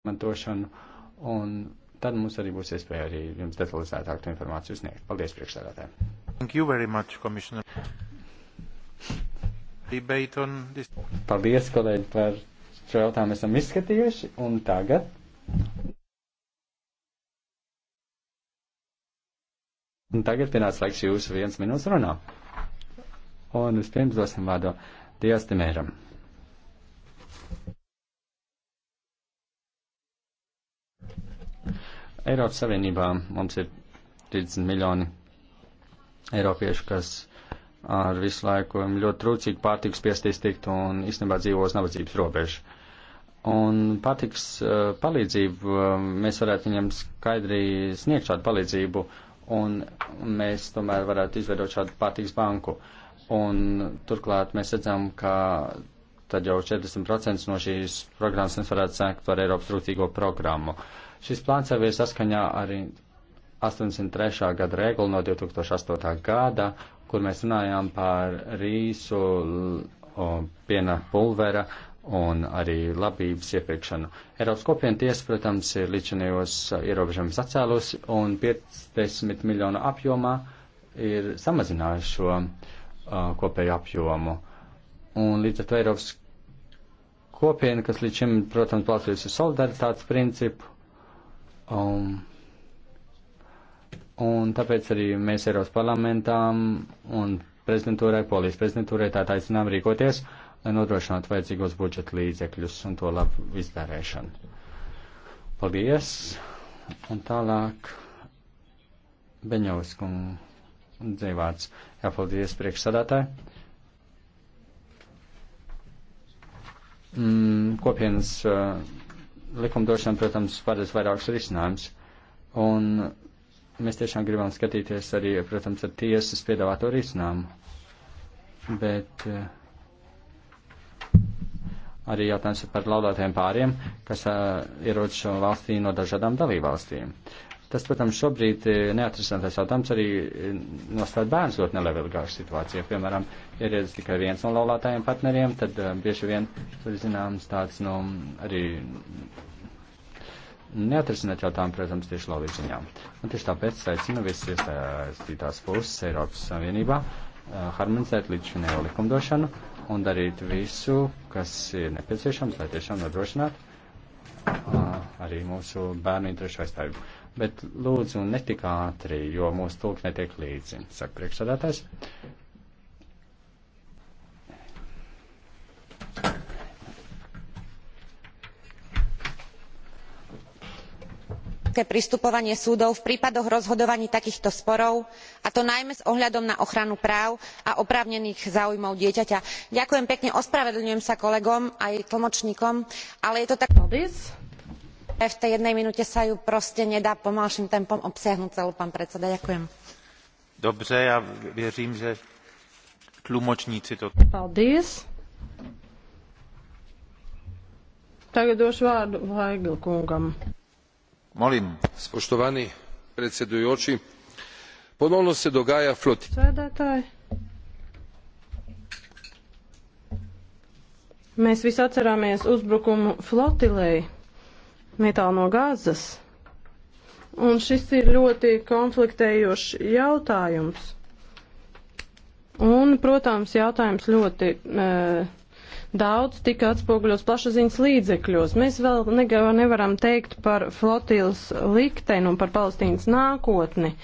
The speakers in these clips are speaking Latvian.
izmantošanu, un tad mums arī būs iespēja arī jums detalizētāku informāciju sniegt. Paldies, priekšsēdētāji! Thank you very much, Commissioner. Debate on this. Paldies, kolēģi, par šo jautājumu esam izskatījuši, un tagad. Un tagad pienāca laiks jūsu viens minūtes runā. Un vispirms dosim vārdu Dievstimēram. Eiropas Savienībā mums ir 30 miljoni eiropiešu, kas ar visu laiku ļoti trūcīgi pārtiks piestīs tikt un īstenībā dzīvos nabadzības robežu. Un patiks uh, eh, palīdzību, uh, mēs varētu viņam skaidri sniegt šādu palīdzību, un mēs tomēr varētu izveidot šādu patiks banku. Un turklāt mēs redzam, ka tad jau 40% no šīs programmas mēs varētu sēkt ar Eiropas trūcīgo programmu. Uh, Šis plāns jau ir saskaņā arī 83. gada regulu no 2008. gada, kur mēs runājām par rīsu, piena pulvera un arī labības iepirkšanu. Eiropas kopiena tiesa, protams, ir līdzinējos ierobežojumus atcēlusi un 50 miljonu apjomā ir samazinājuši šo uh, kopēju apjomu. Un līdz ar to Eiropas kopiena, kas līdz šim, protams, balstījusi solidaritātes principu, Um, un tāpēc arī mēs Eiropas parlamentām un prezidentūrai, polijas prezidentūrai tā aicinām rīkoties, lai nodrošinātu vajadzīgos budžeta līdzekļus un to labu iztērēšanu. Paldies! Un tālāk Beņovs kundze vārds. Jā, paldies priekšsadātāji. Mm, kopienas uh, likumdošana, protams, paredz vairākus risinājumus. Un mēs tiešām gribam skatīties arī, protams, ar tiesas piedāvāto risinājumu. Bet eh, arī jautājums par laulātajiem pāriem, kas eh, ierodas valstī no dažādām dalībvalstīm. Uh, Tas, protams, šobrīd eh, neatrisinātais jautājums arī eh, nostāda bērns ļoti nelabvēlīgāku situāciju. Piemēram, ir tikai viens no laulātājiem partneriem, tad eh, bieži vien tur zināms tāds, nu, arī neatrisināt jautājumu, protams, tieši laulību ziņā. Un tieši tāpēc aicinu visas iesaistītās puses Eiropas Savienībā harmonizēt līdz šinējo likumdošanu un darīt visu, kas ir nepieciešams, lai tiešām nodrošinātu arī mūsu bērnu interesu aizstāvību bet lūdzu netik ātri, jo mūsu tulki netiek līdzi, saka priekšsādātājs. pristupovanie súdov v prípadoch rozhodovaní takýchto sporov a to najmä s ohľadom na ochranu práv a oprávnených záujmov dieťaťa. ďakujem pekne ospravedlňujem sa kolegom aj tlmočníkom ale je to tak. Paldies v tej jednej minúte sa ju proste nedá pomalším tempom obsiahnuť celú pán predseda ďakujem. Dobře, ja verím, že tlumočníci to... Paldies. Tagad došu vārdu Vaigl kungam. Molim. Spoštovani predsedujoči, ponovno se dogaja flot... Sēdētāji. Mēs visi atcerāmies uzbrukumu flotilei netālu no Gāzes. Un šis ir ļoti konfliktējošs jautājums. Un, protams, jautājums ļoti. Uh, daudz tika atspoguļos plašsaziņas līdzekļos. Mēs vēl nevaram teikt par flotīlas likteni un par Palestīnas nākotni.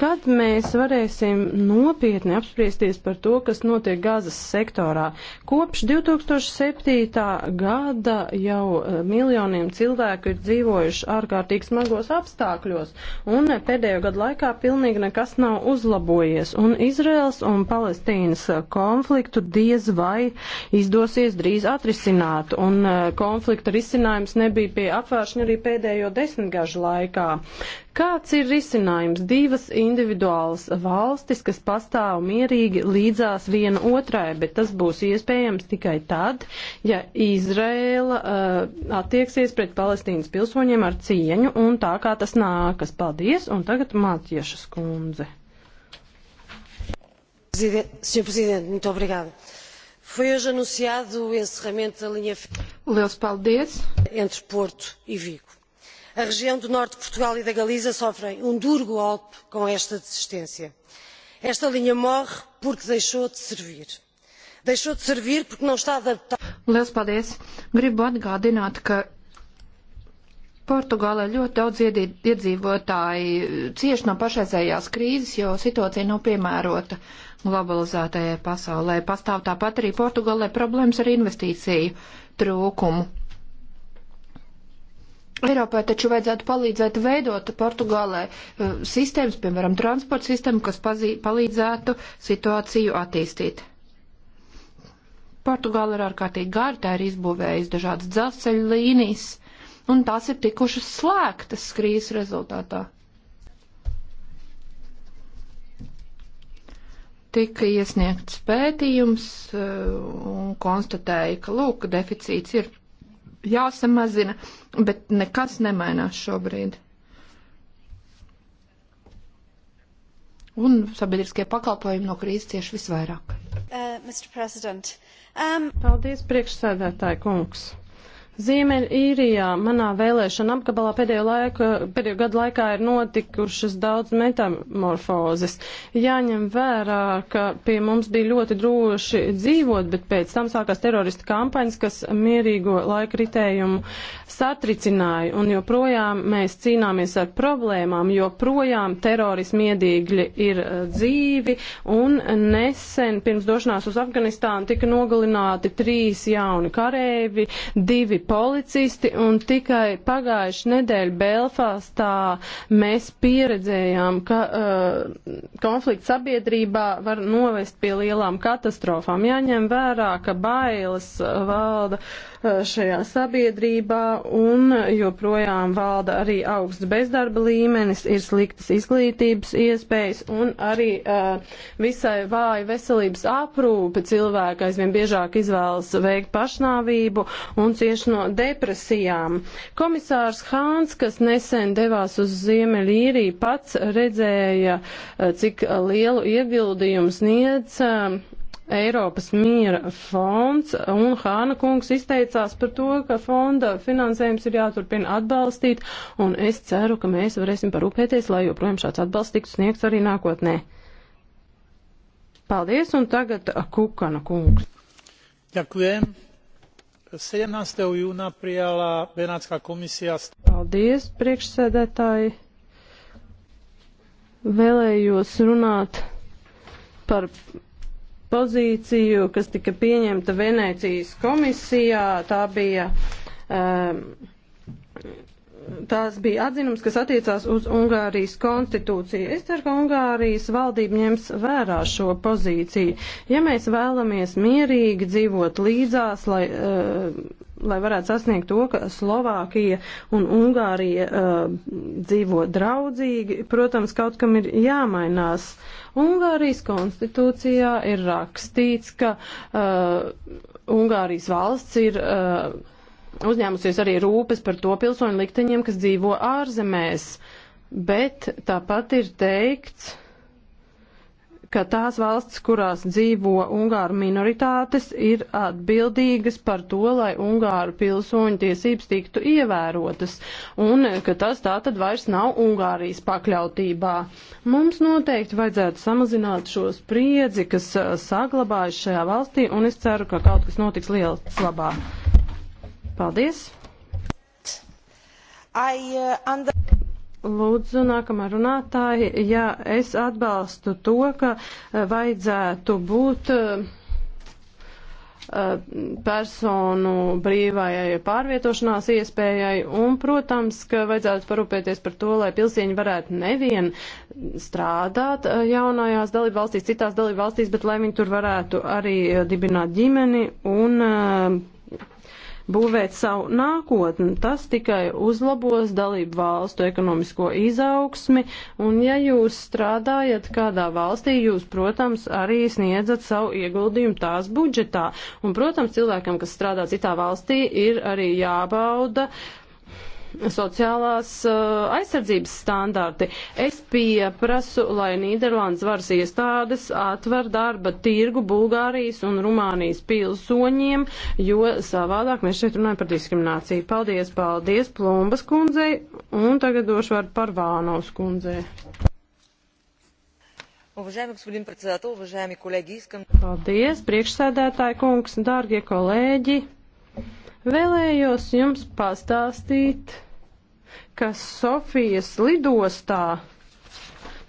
Kad mēs varēsim nopietni apspriesties par to, kas notiek gazas sektorā? Kopš 2007. gada jau eh, miljoniem cilvēku ir dzīvojuši ārkārtīgi smagos apstākļos, un pēdējo gadu laikā pilnīgi nekas nav uzlabojies, un Izraels un Palestīnas konfliktu diez vai izdosies drīz atrisināt, un eh, konflikta risinājums nebija pie apvēršņa arī pēdējo desmitgažu laikā. Kāds ir risinājums? Divas individuālas valstis, kas pastāv mierīgi līdzās viena otrai, bet tas būs iespējams tikai tad, ja Izraela uh, attieksies pret Palestīnas pilsoņiem ar cieņu un tā kā tas nākas. Paldies, un tagad Mātieša skundze. Sr. Presidente, muito obrigada. Foi hoje anunciado o encerramento da linha Liels paldies. entre Porto e Vigo a região do norte de portugal e da galiza sofre um duro golpe com esta desistência. esta linha morre porque deixou de servir. deixou de servir porque não está adaptada. Lielas paldies! Gribu atgādināt, ka Portugālē ļoti daudz iedzīvotāji eh, cieši no pašreizējās krīzes, jo situācija nav piemērota globalizētajai pasaulē. Pastāv tāpat arī Portugālē problēmas ar investīciju trūkumu Eiropai taču vajadzētu palīdzēt veidot Portugālē eh, sistēmas, piemēram, transporta sistēmu, kas pazī, palīdzētu situāciju attīstīt. Portugāla ir ārkārtīgi gara, tā ir izbūvējusi dažādas dzelzceļa līnijas, un tās ir tikušas slēgtas krīzes rezultātā. Tika iesniegts pētījums eh, un konstatēja, ka, lūk, deficīts ir jāsamazina, bet nekas nemainās šobrīd. Un sabiedriskie pakalpojumi no krīzes cieši visvairāk. Uh, um... Paldies, priekšsēdētāji kungs! Ziemeļīrijā manā vēlēšana apgabalā pēdējo, laiku, pēdējo gadu laikā ir notikušas daudz metamorfozes. Jāņem vērā, ka pie mums bija ļoti droši dzīvot, bet pēc tam sākās terorista kampaņas, kas mierīgo laikritējumu satricināja, un joprojām mēs cīnāmies ar problēmām, joprojām terorismi iedīgļi ir eh, dzīvi, un nesen pirms došanās uz Afganistānu tika nogalināti trīs jauni karēvi, divi policisti, un tikai pagājuši nedēļu Belfastā mēs pieredzējām, ka uh, eh, konflikts sabiedrībā var novest pie lielām katastrofām. Jāņem vērā, ka bailes valda. Uh, šajā sabiedrībā un joprojām valda arī augsts bezdarba līmenis, ir sliktas izglītības iespējas un arī uh, visai vāja veselības aprūpe cilvēka aizvien biežāk izvēlas veikt pašnāvību un cieši no depresijām. Komisārs Hāns, kas nesen devās uz Ziemeļīriju, pats redzēja, uh, cik lielu ieguldījumu sniedz uh, Eiropas miera fonds, un Hāna kungs izteicās par to, ka fonda finansējums ir jāturpina atbalstīt, un es ceru, ka mēs varēsim parūpēties, lai joprojām šāds atbalsts tiktu sniegts arī nākotnē. Paldies, un tagad Kukana kungs. Ďakujem. 17. jūna prijala Benátska komisija. Paldies, priekšsēdētāji. Vēlējos runāt par pozīciju, kas tika pieņemta Venecijas komisijā. Tā bija um, tās bija atzinums, kas attiecās uz Ungārijas konstitūciju. Es ceru, ka Ungārijas valdība ņems vērā šo pozīciju. Ja mēs vēlamies mierīgi dzīvot līdzās, lai. Uh, lai varētu sasniegt to, ka Slovākija un Ungārija uh, dzīvo draudzīgi, protams, kaut kam ir jāmainās. Ungārijas konstitūcijā ir rakstīts, ka uh, Ungārijas valsts ir. Uh, uzņēmusies arī rūpes par to pilsoņu likteņiem, kas dzīvo ārzemēs, bet tāpat ir teikts, ka tās valsts, kurās dzīvo ungāru minoritātes, ir atbildīgas par to, lai ungāru pilsoņu tiesības tiktu ievērotas, un ka tas tā tad vairs nav Ungārijas pakļautībā. Mums noteikti vajadzētu samazināt šo spriedzi, kas uh, saglabājas šajā valstī, un es ceru, ka kaut kas notiks lielas labā. Paldies! Uh, Lūdzu, nākamā runātāja, ja es atbalstu to, ka uh, vajadzētu būt uh, personu brīvajai pārvietošanās iespējai un, protams, ka vajadzētu parūpēties par to, lai pilsieņi varētu nevien strādāt jaunajās dalībvalstīs, citās dalībvalstīs, bet lai viņi tur varētu arī dibināt ģimeni un būvēt savu nākotni. Tas tikai uzlabos dalību valstu ekonomisko izaugsmi, un ja jūs strādājat kādā valstī, jūs, protams, arī sniedzat savu ieguldījumu tās budžetā. Un, protams, cilvēkam, kas strādā citā valstī, ir arī jābauda uh, sociālās uh, aizsardzības standarti. Es pieprasu, lai Nīderlandes varas iestādes atver darba tirgu Bulgārijas un Rumānijas pilsoņiem, jo savādāk mēs šeit runājam par diskrimināciju. Paldies, paldies Plumbas kundzei un tagad došu vārdu par Vānos kundzei. Уважаеми господин председател, уважаеми колеги, искам... Paldies, priekšsēdētāji kungs, dārgie kolēģi. Vēlējos jums pastāstīt, ka Sofijas lidostā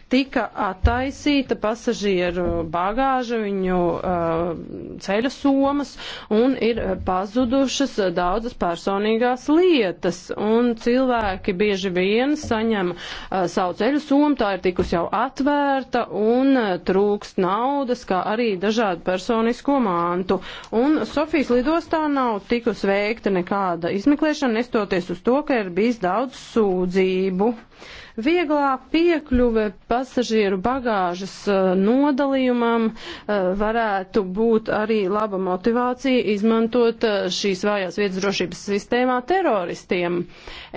tika attaisīta pasažieru bagāža, viņu uh, ceļa somas un ir pazudušas daudzas personīgās lietas. Un cilvēki bieži vien saņem uh, savu ceļu somu, tā ir tikus jau atvērta un uh, trūkst naudas, kā arī dažādu personisko mantu. Un Sofijas lidostā nav tikus veikta nekāda izmeklēšana, nestoties uz to, ka ir bijis daudz sūdzību. Uh, Vieglā piekļuve pasažieru bagāžas uh, nodalījumam uh, varētu būt arī laba motivācija izmantot uh, šīs vājās vietas drošības sistēmā teroristiem.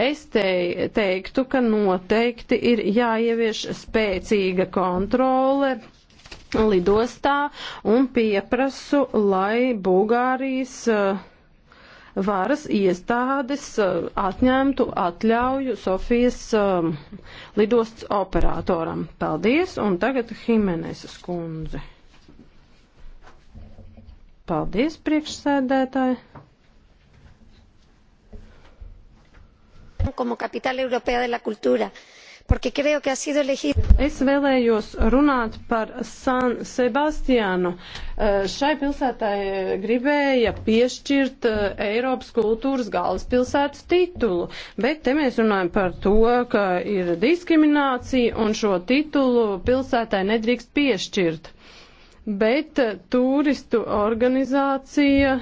Es te, teiktu, ka noteikti ir jāievieš spēcīga kontrole lidostā un pieprasu, lai Bulgārijas uh, varas iestādes eh, atņemtu atļauju Sofijas um, lidosts operatoram. Paldies, un tagad Himeneses kundze. Paldies, priekšsēdētāji. Como capital europea de la cultura. Es vēlējos runāt par San Sebastianu. Eh, šai pilsētai eh, gribēja piešķirt eh, Eiropas kultūras galvaspilsētas titulu, bet te mēs runājam par to, ka ir diskriminācija un šo titulu pilsētai nedrīkst piešķirt. Bet turistu organizācija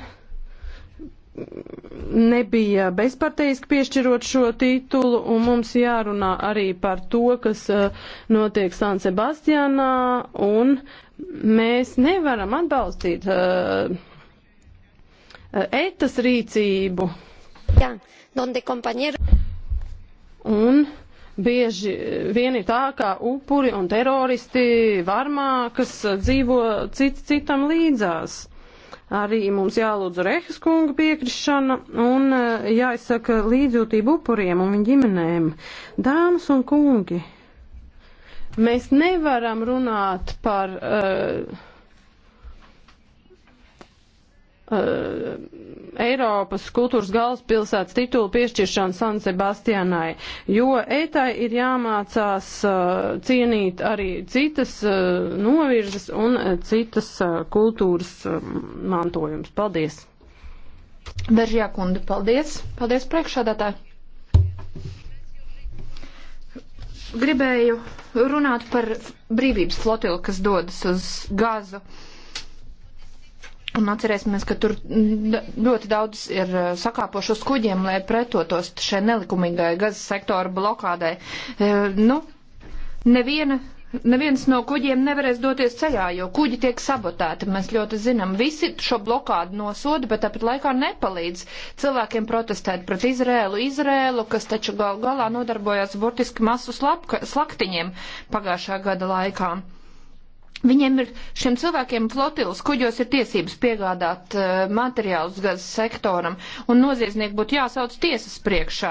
nebija bezparteiski piešķirot šo titulu, un mums jārunā arī par to, kas eh, notiek San Sebastianā, un mēs nevaram atbalstīt uh, etas rīcību. Jā, donde compañero. Un bieži vien ir tā, ka upuri un teroristi varmā, kas dzīvo cit, citam līdzās. Arī mums jālūdz Rehas kunga piekrišana un eh, jāizsaka līdzjūtību upuriem un viņu ģimenēm. Dāmas un kungi, mēs nevaram runāt par. Uh, Uh, Eiropas kultūras galvaspilsētas titulu piešķiršanu San Sebastianai, jo ētai ir jāmācās uh, cienīt arī citas uh, novirzes un uh, citas uh, kultūras um, mantojums. Paldies! Veržjā kundi, paldies! Paldies priekšādātāji! Gribēju runāt par brīvības flotilu, kas dodas uz gazu. Uh, Un atcerēsimies, ka tur ļoti daudz ir uh, sakāpošu uz kuģiem, lai pretotos šai nelikumīgai gazas sektora blokādai. E, nu, neviena Neviens no kuģiem nevarēs doties ceļā, jo kuģi tiek sabotēti. Mēs ļoti zinām, visi šo blokādu nosoda, bet tāpat laikā nepalīdz cilvēkiem protestēt pret Izrēlu. Izrēlu, kas taču gal galā nodarbojās burtiski masu slapka, slaktiņiem pagājušā gada laikā. Viņiem ir, šiem cilvēkiem flotilas kuģos ir tiesības piegādāt uh, materiālus gazas sektoram, un noziedznieki būtu jāsauc tiesas priekšā.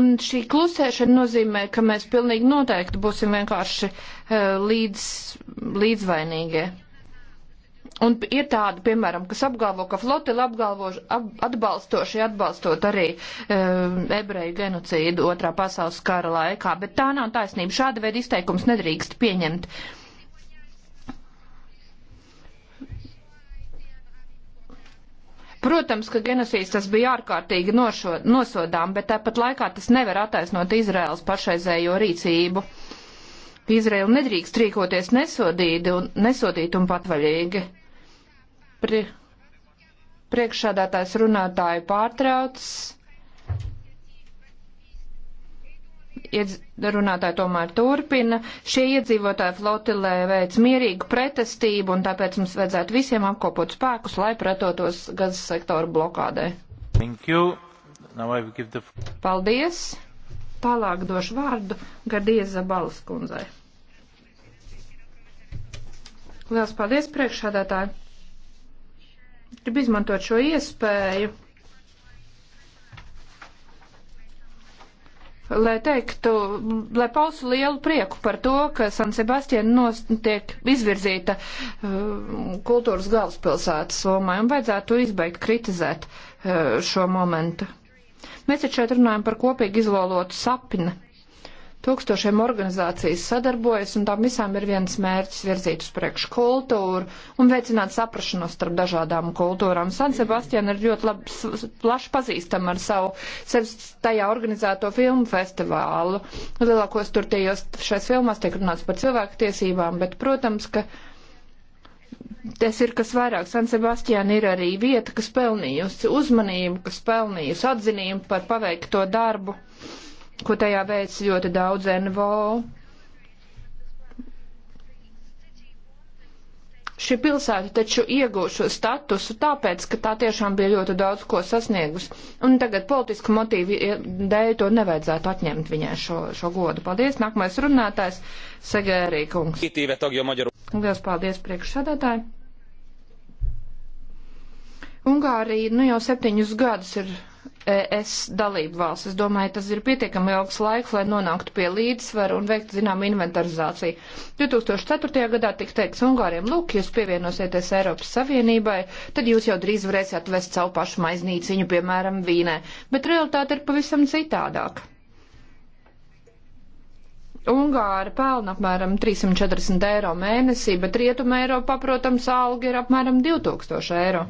Un šī klusēšana nozīmē, ka mēs pilnīgi noteikti būsim vienkārši uh, līdz, līdzvainīgie. Un ir tāda, piemēram, kas apgalvo, ka flotila apgalvo, ap, atbalstoši atbalstot arī um, e, ebreju genocīdu otrā pasaules kara laikā, bet tā nav taisnība. Šāda veida izteikums nedrīkst pieņemt. Protams, ka genocīds tas bija ārkārtīgi nošo, nosodām, bet tāpat laikā tas nevar attaisnot Izraels pašreizējo rīcību. Uh, Izraela nedrīkst rīkoties nesodīti un, nesodīt un patvaļīgi. Pri, priekšādātājs runātāju pārtrauc. Iedz, runātāji tomēr turpina. Šie iedzīvotāji flotilē veic mierīgu pretestību un tāpēc mums vajadzētu visiem apkopot spēkus, lai pretotos gazas sektoru blokādē. The... Paldies! Tālāk došu vārdu Gadieza Balas kundzei. Liels paldies priekšādātāji! Gribu izmantot šo iespēju, lai teiktu, lai pausu lielu prieku par to, ka San Sebastian tiek izvirzīta uh, kultūras galvaspilsētas somai un vajadzētu izbeigt kritizēt uh, šo momentu. Mēs taču šeit runājam par kopīgi izlolotu sapni. Tūkstošiem organizācijas sadarbojas, un tām visām ir viens mērķis virzīt uz priekšu kultūru un veicināt saprašanos starp dažādām kultūrām. San Sebastian ir ļoti labi, plaši pazīstama ar savu sevis tajā organizēto filmu festivālu. Lielākos tur tajos šais filmās tiek runāts par cilvēku tiesībām, bet, protams, ka tas ir kas vairāk. San Sebastian ir arī vieta, kas pelnījusi uzmanību, kas pelnījusi atzinību par paveikto darbu, ko tajā veic ļoti daudz NVO. Šī pilsēta taču ieguva šo statusu tāpēc, ka tā tiešām bija ļoti daudz ko sasniegusi. Un tagad politisku motīvu dēļ to nevajadzētu atņemt viņai šo, šo godu. Paldies. Nākamais runātājs Segērī kungs. Lielas paldies priekšsādātāji. Ungārija nu, jau septiņus gadus ir ES dalība valsts. Es domāju, tas ir pietiekami ilgs laiks, lai nonāktu pie līdzsvaru un veiktu, zinām, inventarizāciju. 2004. gadā tika teikts Ungāriem, lūk, jūs pievienosieties Eiropas Savienībai, tad jūs jau drīz varēsiet vest savu pašu maiznīciņu, piemēram, Vīnē. Bet realitāte ir pavisam citādāka. Ungāri pelna apmēram 340 eiro mēnesī, bet Rietuma Eiropā, protams, alga ir apmēram 2000 eiro.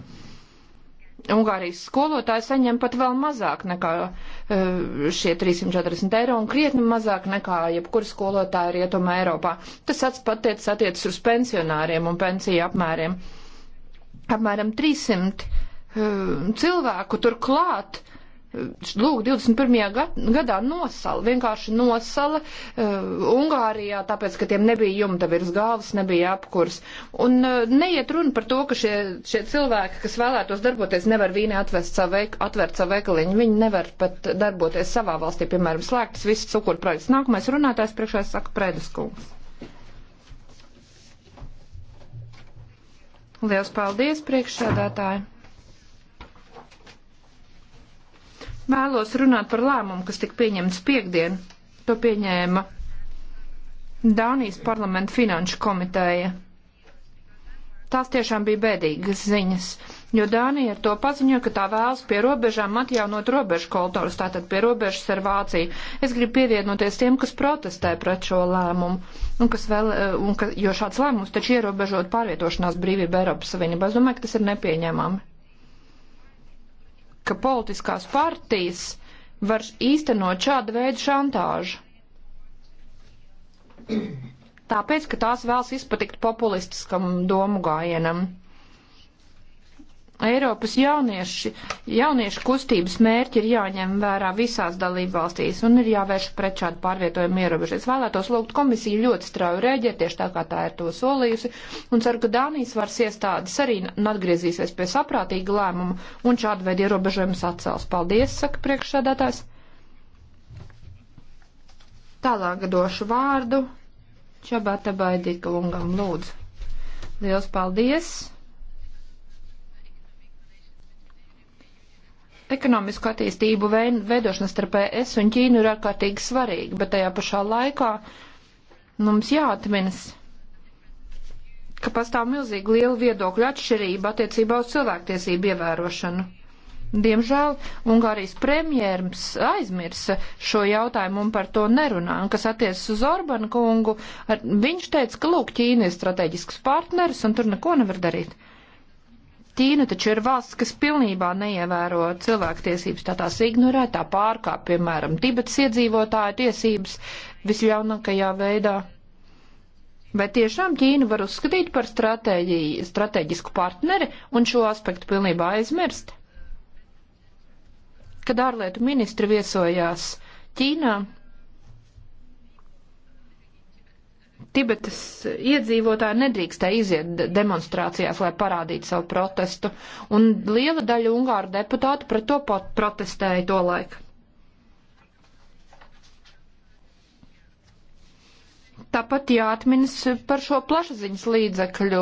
Ungārijas skolotāji saņem pat vēl mazāk nekā eh, šie 340 eiro un krietni mazāk nekā jebkur skolotāja rietuma Eiropā. Tas atspatiec attiec uz pensionāriem un pensiju apmēriem. Apmēram 300 eh, cilvēku turklāt uh, Lūk, 21. Gad, gadā nosala, vienkārši nosala uh, Ungārijā, tāpēc, ka tiem nebija jumta virs galvas, nebija apkurs. Un uh, neiet runa par to, ka šie, šie cilvēki, kas vēlētos darboties, nevar vīni atvest savu, atvērt savu veikaliņu. Viņi nevar pat darboties savā valstī, piemēram, slēgtas visas cukurprāļas. Nākamais runātājs priekšā saka Prēdas kungs. Liels paldies priekšsēdētāji! Vēlos runāt par lēmumu, kas tika pieņemts piekdien. To pieņēma Dānijas parlamenta finanšu komiteja. Tās tiešām bija bēdīgas ziņas, jo Dānija ar to paziņoja, ka tā vēlas pie robežām atjaunot robežu kultūras, tātad pie robežas ar Vāciju. Es gribu pievienoties tiem, kas protestē pret šo lēmumu, un kas vēl, un ka, jo šāds lēmums taču ierobežot pārvietošanās brīvību Eiropas Savienībā. Es domāju, ka tas ir nepieņemami ka politiskās partijas var īstenot šādu veidu šantāžu. Tāpēc, ka tās vēlas izpatikt populistiskam domu gājienam. Eiropas jaunieši, jauniešu kustības mērķi ir jāņem vērā visās dalībvalstīs un ir jāvērš pret šādu pārvietojumu ierobežoties. Vēlētos lūgt komisiju ļoti strauju rēģēt, tieši tā kā tā ir to solījusi, un ceru, ka Dānijas varas iestādes arī atgriezīsies pie saprātīga lēmuma un šādu veidu ierobežojumus atcels. Paldies, saka priekšsēdētājs. Tālāk došu vārdu Čabata Baidīka lungam lūdzu. Liels paldies! Ekonomisko attīstību veidošana starp ES un Ķīnu ir ārkārtīgi svarīga, bet tajā pašā laikā mums jāatminas, ka pastāv milzīgi liela viedokļa atšķirība attiecībā uz cilvēktiesību ievērošanu. Diemžēl Ungārijas premjērs aizmirsa šo jautājumu un par to nerunā. Un kas attiecas uz Orbanu kungu, ar, viņš teica, ka lūk, Ķīna ir strateģisks partneris un tur neko nevar darīt. Ķīna taču ir valsts, kas pilnībā neievēro cilvēktiesības, tā tās ignorē, tā pārkāp, piemēram, Tibets iedzīvotāja tiesības visļaunākajā veidā. Vai tiešām Ķīnu var uzskatīt par strateģisku partneri un šo aspektu pilnībā aizmirst? Kad ārlietu ministri viesojās Ķīnā, Tibetas iedzīvotāji nedrīkstēja iziet demonstrācijās, lai parādītu savu protestu, un liela daļa Ungāru deputātu pret to pat protestēja to laiku. Tāpat jāatminas par šo plašsaziņas līdzekļu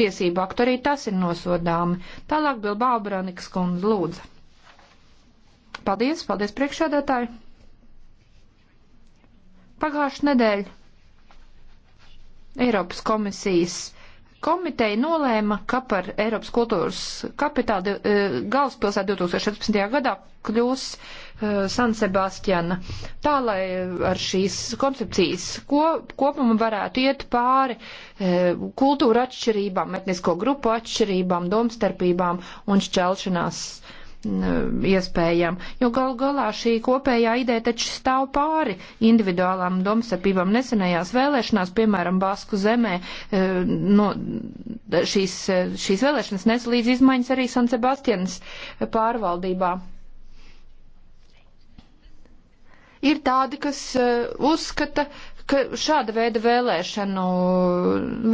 tiesību aktu, arī tas ir nosodāmi. Tālāk Bilbao Branikas kundze lūdza. Paldies, paldies priekšādātāji. Pagājuši nedēļu Eiropas komisijas komiteja nolēma, ka par Eiropas kultūras kapitālu e, galvaspilsētu 2014. gadā kļūs e, San Sebastiana. Tā, lai ar šīs koncepcijas ko, kopumu varētu iet pāri e, kultūra atšķirībām, etnisko grupu atšķirībām, domstarpībām un šķelšanās. Uh, iespējām, jo gal galā šī kopējā ideja taču stāv pāri individuālām domstarpībām. Nesenajās vēlēšanās, piemēram, Basku zemē, e, no, šīs, e, šīs vēlēšanas nes līdz izmaiņas arī San Sebastians e, pārvaldībā. Ir tādi, kas uzskata, ka šāda veida vēlēšanu,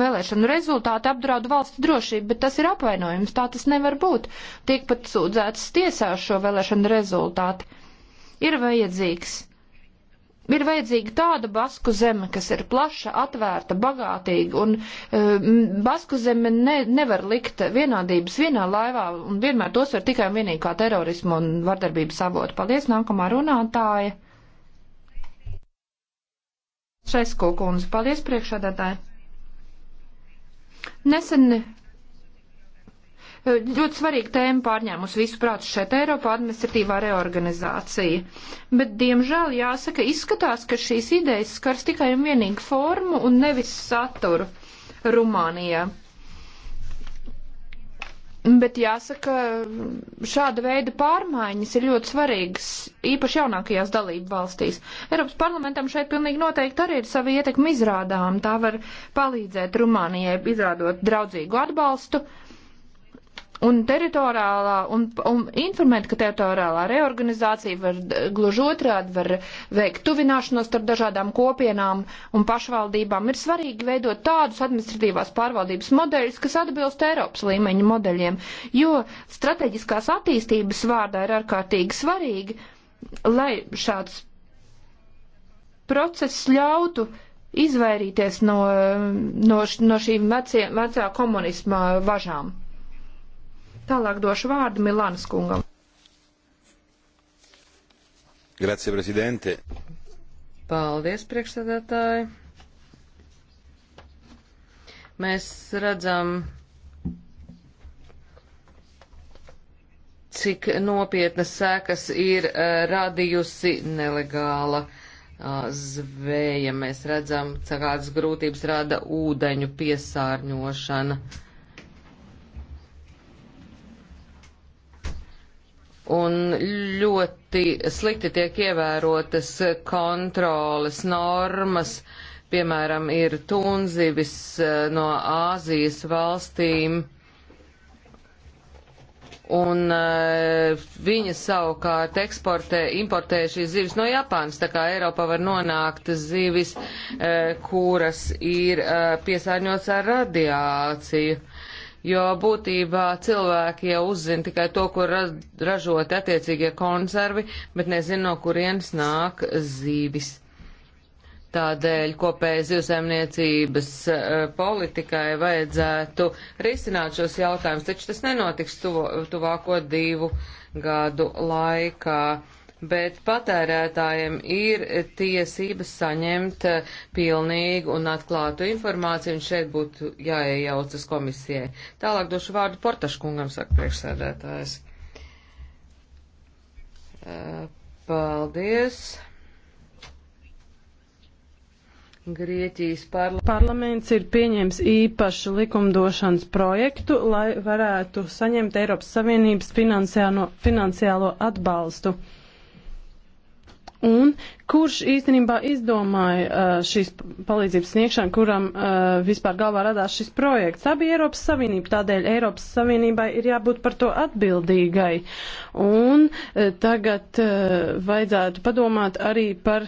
vēlēšanu rezultāti apdraud valsts drošību, bet tas ir apvainojums, tā tas nevar būt. Tiek pat sūdzēts tiesā šo vēlēšanu rezultāti. Ir vajadzīgs. Ir vajadzīga tāda Basku zeme, kas ir plaša, atvērta, bagātīga, un e, Basku zeme ne, nevar likt vienādības vienā laivā, un vienmēr tos var tikai un vienīgi kā terorismu un vardarbības avotu. Paldies, nākamā runātāja! Šesko kundze, paldies priekšādātāji. Nesen eh, ļoti svarīga tēma pārņēmusi visu prātu šeit Eiropā - administratīvā reorganizācija. Bet, diemžēl, jāsaka, izskatās, ka šīs idejas skars tikai un vienīgi formu un nevis saturu Rumānijā. Bet jāsaka, šāda veida pārmaiņas ir ļoti svarīgas, īpaši jaunākajās dalību valstīs. Eiropas parlamentam šeit pilnīgi noteikti arī ir sava ietekme izrādām. Tā var palīdzēt Rumānijai izrādot draudzīgu atbalstu. Uh, un teritoriālā, un, un informēt, ka teritoriālā reorganizācija var gluži otrādi, var veikt tuvināšanos starp dažādām kopienām un pašvaldībām. Ir svarīgi veidot tādus administratīvās pārvaldības modeļus, kas atbilst Eiropas līmeņa modeļiem, jo strateģiskās attīstības vārdā ir ārkārtīgi svarīgi, lai šāds process ļautu izvairīties no, no, no šīm vecie, vecā komunisma važām. Tālāk došu vārdu Milānas kungam. Grazie, prezidente. Paldies, priekšsēdētāji. Mēs redzam, cik nopietnas sēkas ir uh, radījusi nelegāla uh, eh, zvēja. Mēs redzam, cik kādas grūtības rada ūdeņu piesārņošana. Uh, un ļoti slikti tiek ievērotas kontroles normas. Piemēram, ir tunzivis eh, no Āzijas valstīm, un eh, viņa savukārt eksportē, importē šīs zivis no Japānas, tā kā Eiropā var nonākt zivis, eh, kuras ir piesārņots ar radiāciju jo būtībā cilvēki jau uzzina tikai to, kur ražoti attiecīgie konservi, bet nezin, no kurienes nāk zīvis. Tādēļ kopējas zivsaimniecības e, politikai vajadzētu risināt šos jautājumus, taču tas nenotiks tuvo, tuvāko divu gadu laikā bet patērētājiem ir tiesības saņemt eh, pilnīgu un atklātu informāciju, un šeit būtu jāiejaucas komisijai. Tālāk došu vārdu Portaškungam, saka priekšsēdētājs. Eh, paldies. Grieķijas parla parlaments ir pieņēmis īpašu likumdošanas projektu, lai varētu saņemt Eiropas Savienības finansiālo, finansiālo atbalstu. Uh, un kurš īstenībā izdomāja uh, šīs palīdzības sniegšanu, kuram uh, vispār galvā radās šis projekts. Tā bija Eiropas Savienība, tādēļ Eiropas Savienībai ir jābūt par to atbildīgai. Un uh, tagad vajadzētu padomāt arī par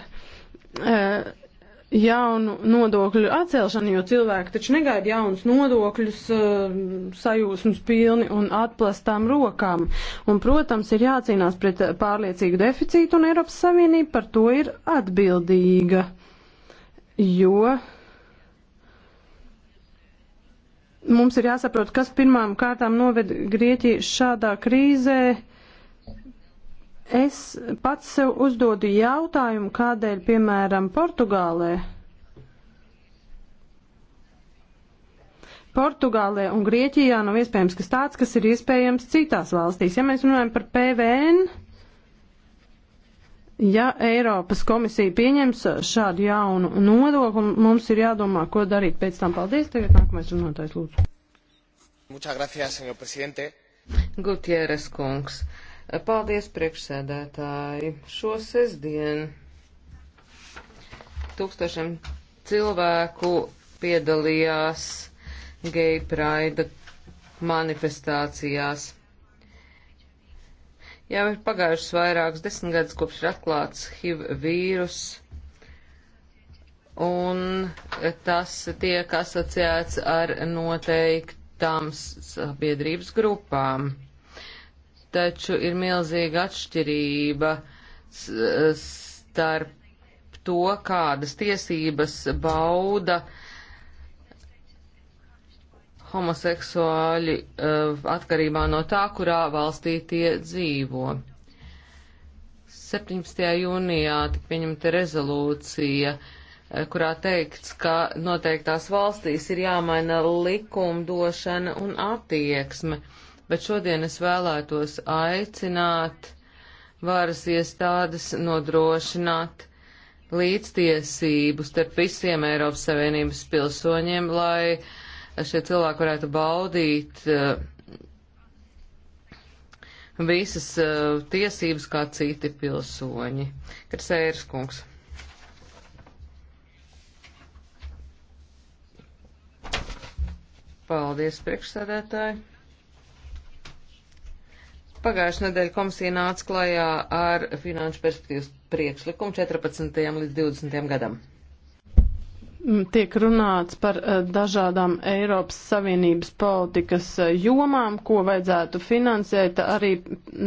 jaunu nodokļu atcelšanu, jo cilvēki taču negaida jaunus nodokļus uh, sajūsmas pilni un atplastām rokām. Un, protams, ir jācīnās pret pārliecīgu deficītu, un Eiropas Savienība par to ir atbildīga, jo mums ir jāsaprot, kas pirmām kārtām noved Grieķiju šādā krīzē. Uh, es pats sev uzdodu jautājumu, kādēļ, piemēram, Portugālē. Portugālē un Grieķijā nav iespējams kas tāds, kas ir iespējams citās valstīs. Ja mēs runājam par PVN, ja Eiropas komisija pieņems šādu jaunu nodokli, mums ir jādomā, ko darīt pēc tam. Paldies, tagad nākamais runātājs lūdzu. Muchas gracias, señor presidente. Gutieres kungs. Uh, Paldies, priekšsēdētāji. Šo sestdienu tūkstošiem cilvēku piedalījās geju praida manifestācijās. Jau ir pagājušas vairākas desmitgades kopš ir atklāts HIV vīrus, un tas tiek asociēts ar noteiktām sabiedrības grupām taču ir milzīga atšķirība starp to, kādas tiesības bauda homoseksuāļi eh, atkarībā no tā, kurā valstī tie dzīvo. 17. jūnijā tika pieņemta rezolūcija, eh, kurā teikts, ka noteiktās valstīs ir jāmaina likumdošana un attieksme. Uh, bet šodien es vēlētos aicināt varas iestādes nodrošināt līdztiesību starp visiem Eiropas Savienības pilsoņiem, lai šie cilvēki varētu baudīt uh, visas uh, tiesības kā citi pilsoņi. Karsērs kungs. Paldies, priekšsēdētāji. Pagājušajā nedēļā komisija nāca klajā ar finanšu perspektīvas priekšlikumu 14. līdz 20. gadam. Mm, tiek runāts par eh, dažādām Eiropas Savienības politikas eh, jomām, ko vajadzētu finansēt arī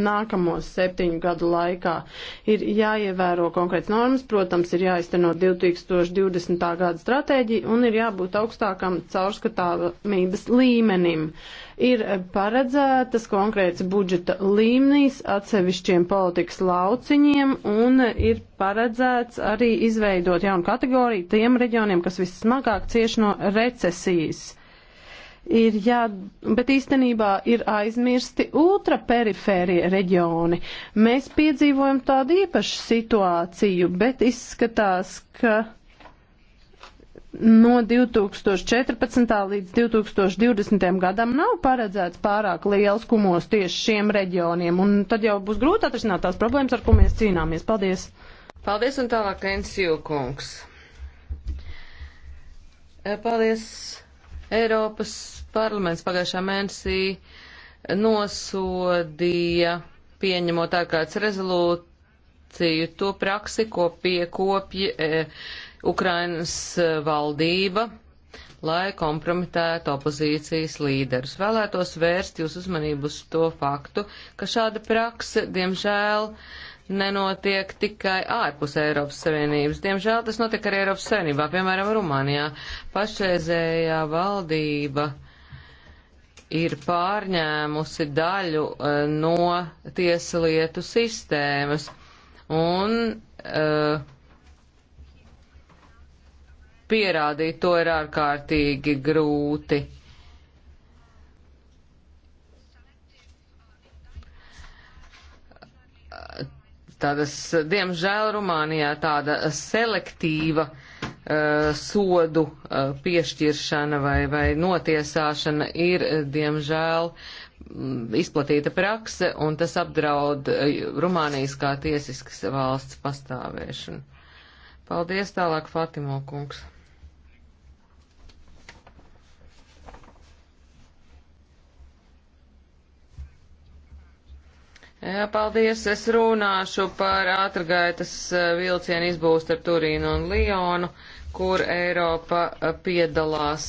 nākamos septiņu gadu laikā. Ir jāievēro konkrēts normas, protams, ir jāizteno 2020. gada stratēģija un ir jābūt augstākam caurskatāmības līmenim. Uh, ir paredzētas konkrēts budžeta līmenīs atsevišķiem politikas lauciņiem un ir paredzēts arī izveidot jaunu kategoriju tiem reģioniem, kas vissmagāk cieš no recesijas. Ir jā, bet īstenībā ir aizmirsti ultraperifērie reģioni. Mēs piedzīvojam tādu īpašu situāciju, bet izskatās, ka no 2014. līdz 2020. gadam nav paredzēts pārāk liels kumos tieši šiem reģioniem, un tad jau būs grūti atrisināt tās problēmas, ar ko mēs cīnāmies. Paldies! Paldies un tālāk, Ensiju kungs! E, paldies! Eiropas parlaments pagājušā mēnesī nosodīja pieņemot ārkārtas rezolūciju to praksi, ko piekopja. E, Ukrainas eh, valdība, lai kompromitētu opozīcijas līderus. Vēlētos vērst jūs uzmanību uz to faktu, ka šāda prakse, diemžēl, nenotiek tikai ārpus Eiropas Savienības. Diemžēl tas notiek arī Eiropas Savienībā, piemēram, Rumānijā. Pašreizējā valdība ir pārņēmusi daļu eh, no tieslietu sistēmas. Un, uh, pierādīt to ir ārkārtīgi grūti. Tādas, diemžēl, Rumānijā tāda selektīva uh, sodu uh, piešķiršana vai, vai notiesāšana ir, diemžēl, mm, izplatīta prakse, un tas apdraud eh, Rumānijas kā tiesiskas valsts pastāvēšanu. Paldies tālāk, Fatimo kungs. Jā, paldies. Es runāšu par ātrgaitas eh, vilcienu izbūstu ar Turīnu un Lionu, kur Eiropa eh, piedalās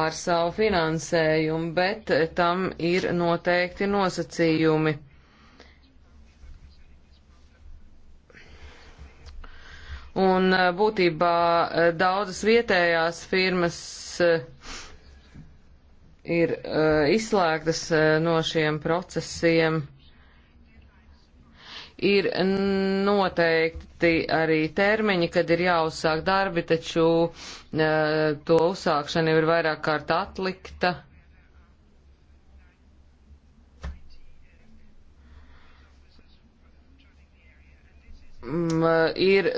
ar savu finansējumu, bet eh, tam ir noteikti nosacījumi. Un būtībā daudzas vietējās firmas ir izslēgtas no šiem procesiem. Ir noteikti arī termiņi, kad ir jāuzsāk darbi, taču eh, to uzsākšana jau ir vairāk kārt atlikta. Mm, eh, ir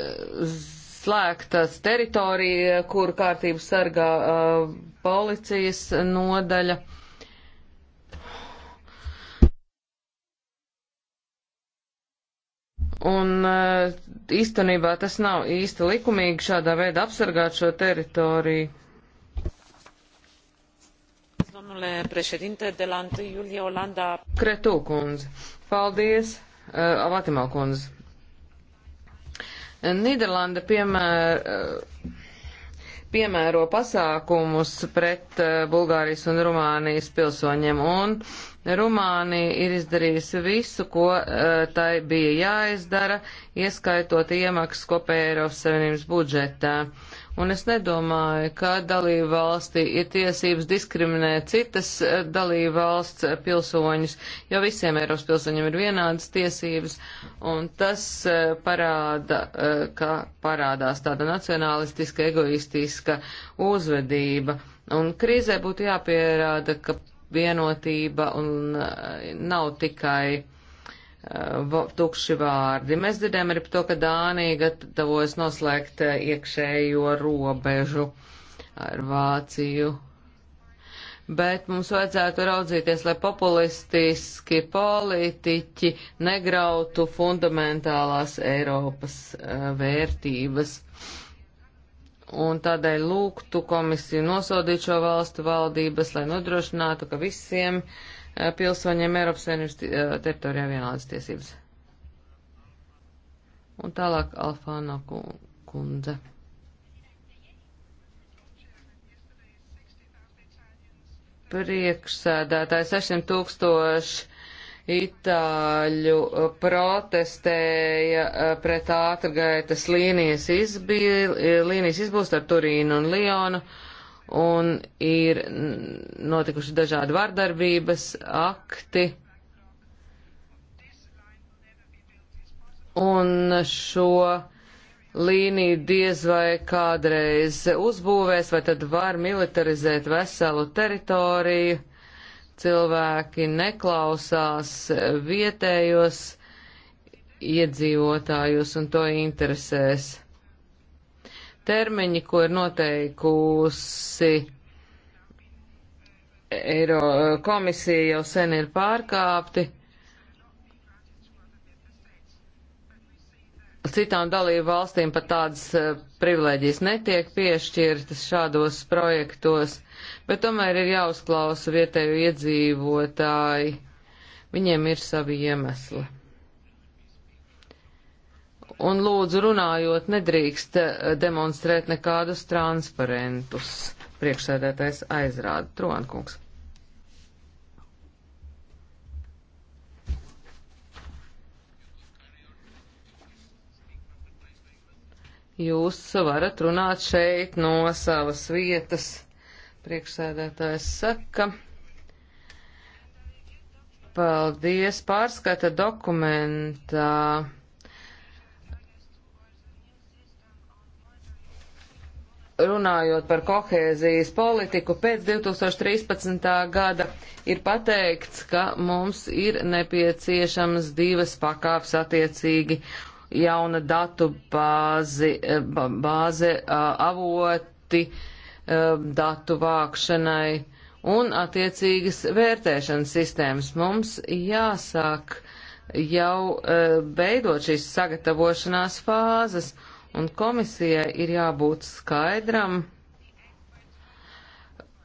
slēgtas teritorija, kur kārtību sargā eh, policijas nodaļa. Un eh, īstenībā tas nav īsti likumīgi šādā veidā apsargāt šo teritoriju. Domnule președinte, de la 1 iulie Olanda... Cretu, kundze. Paldies, uh, eh, Avatimal, kundze. Nīderlanda, piemēra, uh, piemēro pasākumus pret eh, Bulgārijas un Rumānijas pilsoņiem. Un Rumānija ir izdarījusi visu, ko eh, tai bija jāizdara, ieskaitot iemaksas kopējā Eiropas Savienības budžetā. Uh, un es nedomāju, ka dalību valstī ir tiesības diskriminēt citas eh, dalību valsts eh, pilsoņus, jo visiem Eiropas pilsoņiem ir vienādas tiesības, un tas eh, parāda, ka parādās tāda nacionalistiska, egoistiska uzvedība, un krīzē būtu jāpierāda, ka vienotība un nav tikai Eh, tukši vārdi. Mēs dzirdējām arī par to, ka Dānija gatavojas noslēgt eh, iekšējo robežu ar Vāciju. Bet mums vajadzētu raudzīties, lai populistiski politiķi negrautu fundamentālās Eiropas uh, vērtības. Un tādēļ lūgtu komisiju nosodīt šo valstu valdības, lai nodrošinātu, ka visiem uh, Eh, pilsoņiem Eiropas Savienības eh, teritorijā vienādas tiesības. Un tālāk Alfāno kundze. Priekšsēdētāji 600 tūkstoši itāļu eh, protestēja pret ātrgaitas līnijas, izbī, līnijas izbūst ar Turīnu un Lionu. Uh, un ir notikuši dažādi vardarbības akti. Un šo līniju diez vai kādreiz uzbūvēs, vai tad var militarizēt veselu teritoriju. Cilvēki neklausās vietējos iedzīvotājus un to interesēs termiņi, ko ir noteikusi Eiro komisija, jau sen ir pārkāpti. Citām dalību valstīm pat tādas eh, privileģijas netiek piešķirtas šādos projektos, bet tomēr ir jāuzklausa vietēju iedzīvotāji. Viņiem ir savi iemesli. Un lūdzu, runājot, nedrīkst eh, demonstrēt nekādus transparentus. Priekšsēdētais aizrāda Tronkungs. Jūs varat runāt šeit no savas vietas, priekšsēdētājs saka. Paldies, pārskata dokumentā runājot par kohēzijas politiku, pēc 2013. gada ir pateikts, ka mums ir nepieciešams divas pakāps attiecīgi jauna datu bāzi, eh, bāze, avoti eh, datu vākšanai un attiecīgas vērtēšanas sistēmas. Mums jāsāk jau eh, beidot šīs sagatavošanās fāzes Un komisijai ir jābūt skaidram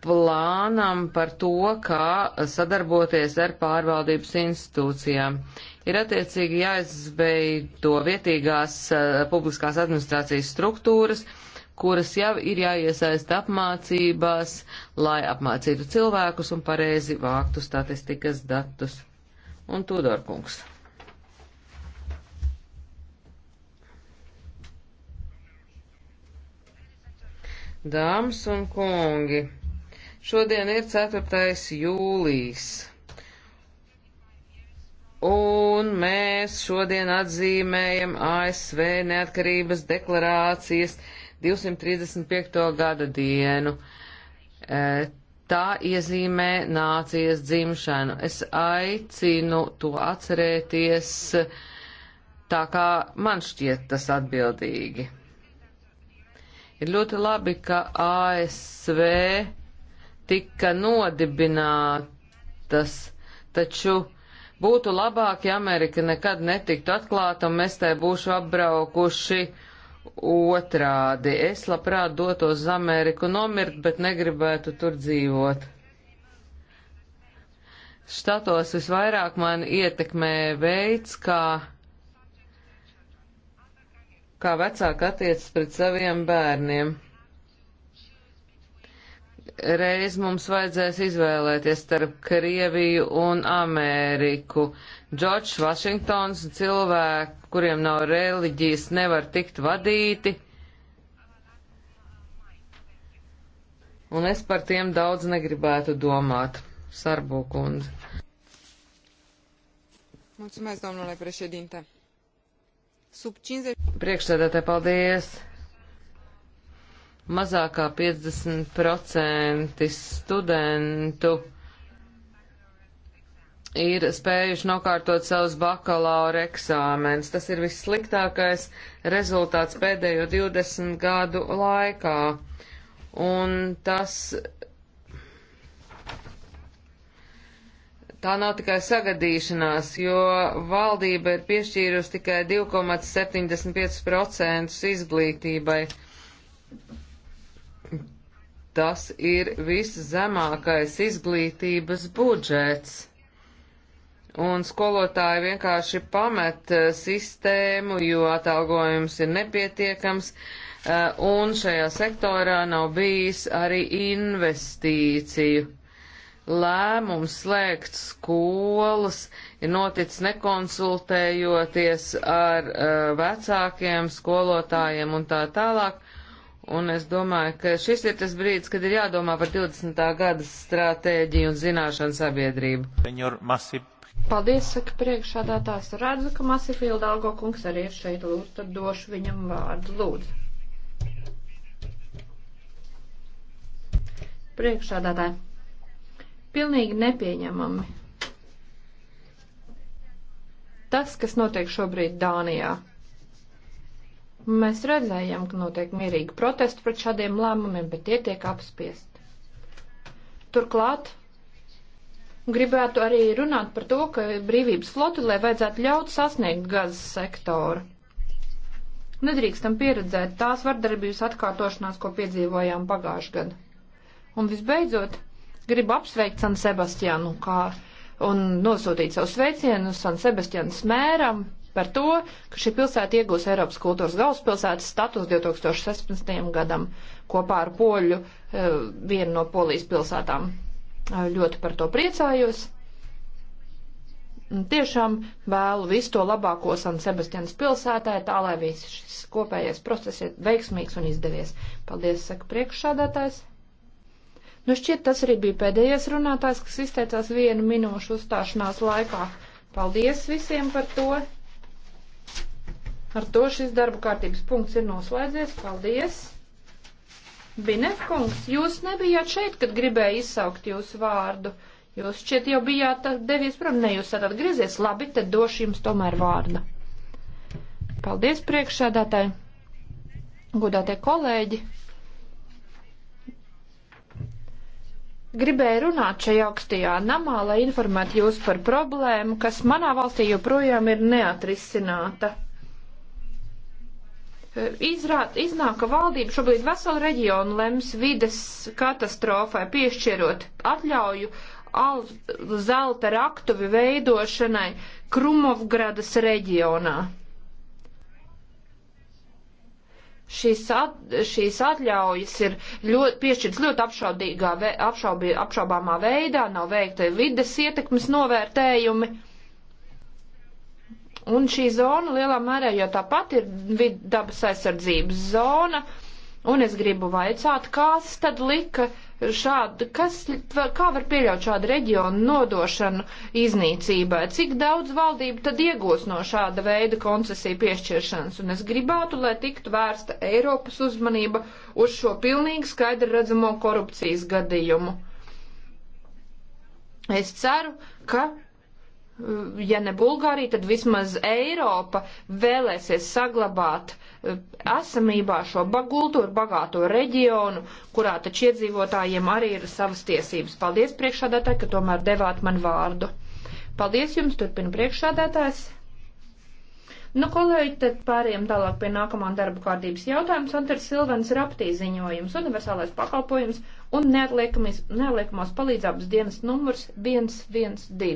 plānam par to, kā sadarboties ar pārvaldības institūcijām. Ir attiecīgi jāizbeido vietīgās uh, publiskās administrācijas struktūras, kuras jau ir jāiesaist apmācībās, lai apmācītu cilvēkus un pareizi vāktu statistikas datus. Un Tudorkungs. Dāmas un kungi, šodien ir 4. jūlijs, un mēs šodien atzīmējam ASV neatkarības deklarācijas 235. gada dienu. E, tā iezīmē nācijas dzimšanu. Es aicinu to atcerēties tā, kā man šķiet tas atbildīgi. Ir ļoti labi, ka ASV tika nodibinātas, taču būtu labāk, ja Amerika nekad netiktu atklāta un mēs tai būšu apbraukuši otrādi. Es labprāt dotos uz Ameriku nomirt, bet negribētu tur dzīvot. Štatos visvairāk man ietekmē veids, kā kā vecāki attiecas pret saviem bērniem. Reiz mums vajadzēs izvēlēties starp Krieviju un Ameriku. Džordžs Vašingtons cilvēki, kuriem nav reliģijas, nevar tikt vadīti. un es par tiem daudz negribētu domāt. Sarbu kundze. Mulțumesc, domnule președinte sub 50. Priekšsēdētāji, paldies! Mazākā 50% studentu ir spējuši nokārtot savus bakalaura eksāmenus. Tas ir vissliktākais rezultāts pēdējo 20 gadu laikā. Un tas tā nav tikai sagadīšanās, jo valdība ir piešķīrusi tikai 2,75% izglītībai. Tas ir viszemākais izglītības budžets. Un skolotāji vienkārši pamet eh, sistēmu, jo atalgojums ir nepietiekams, eh, un šajā sektorā nav bijis arī investīciju lēmums slēgt skolas ir noticis nekonsultējoties ar uh, vecākiem, skolotājiem un tā tālāk. Un es domāju, ka šis ir tas brīdis, kad ir jādomā par 20. gada stratēģiju un zināšanu sabiedrību. Paldies, saka priekšādātājs. Redzu, ka Masifilda Algo kungs arī ir šeit. Lūdzu, tad došu viņam vārdu. Lūdzu. Priekšādātāji pilnīgi nepieņemami. Tas, kas notiek šobrīd Dānijā. Mēs redzējām, ka notiek mierīgi protesti pret šādiem lēmumiem, bet tie tiek apspiesti. Turklāt gribētu arī runāt par to, ka brīvības flotilē vajadzētu ļaut sasniegt gazas sektoru. Nedrīkstam pieredzēt tās vardarbības atkārtošanās, ko piedzīvojām pagājušajā gadā. Un visbeidzot, Gribu apsveikt San Sebastianu kā, un nosūtīt savu sveicienu San Sebastianas mēram par to, ka šī pilsēta iegūs Eiropas kultūras galvaspilsētas status 2016. gadam kopā ar poļu eh, vienu no polijas pilsētām. Eh, ļoti par to priecājos. Tiešām vēlu visu to labāko San Sebastianas pilsētē, tā lai viss šis kopējais process ir veiksmīgs un izdevies. Paldies, saka priekšsādātājs. Nu šķiet, tas arī bija pēdējais runātājs, kas izteicās vienu minūšu uzstāšanās laikā. Paldies visiem par to! Ar to šis darba kārtības punkts ir noslēdzies. Paldies! Binefkungs, jūs nebijāt šeit, kad gribēju izsaukt jūsu vārdu. Jūs šķiet jau bijāt devies prom, ne jūs esat atgriezies. Labi, tad došu jums tomēr vārdu. Paldies priekšsēdētāji, godātie kolēģi. gribēju runāt šajā augstajā namā, lai informētu jūs par problēmu, kas manā valstī joprojām ir neatrisināta. Izrāt, iznāk, ka valdība šobrīd veselu reģionu lems vides katastrofai, piešķirot atļauju al, zelta raktuvi veidošanai Krumovgradas reģionā. Šīs, at, šīs atļaujas ir ļoti, piešķirts ļoti apšaudīgā, apšaubī, apšaubāmā veidā, nav veikta vides ietekmes novērtējumi. Un šī zona lielā mērā jau tāpat ir vid, dabas aizsardzības zona. Uh, Un es gribu vaicāt, kas tad lika šādu, kas, kā var pieļaut šādu reģionu nodošanu iznīcībai? Cik daudz valdību tad iegūs no šāda veida koncesiju piešķiršanas? Un es gribētu, lai tiktu vērsta Eiropas uzmanība uz šo pilnīgi skaidri redzamo korupcijas gadījumu. Es ceru, ka Eh, ja ne Bulgārija, tad vismaz Eiropa vēlēsies saglabāt eh, esamībā šo kultūru bagāto reģionu, kurā taču iedzīvotājiem arī ir savas tiesības. Paldies priekšādātāji, ka tomēr devāt man vārdu. Paldies jums, turpina priekšādātājs. Nu, kolēģi, tad pārējiem tālāk pie nākamā darba kārtības jautājums. Antars Silvens Raptī ziņojums, universālais pakalpojums un neatliekamās palīdzības dienas numurs 112.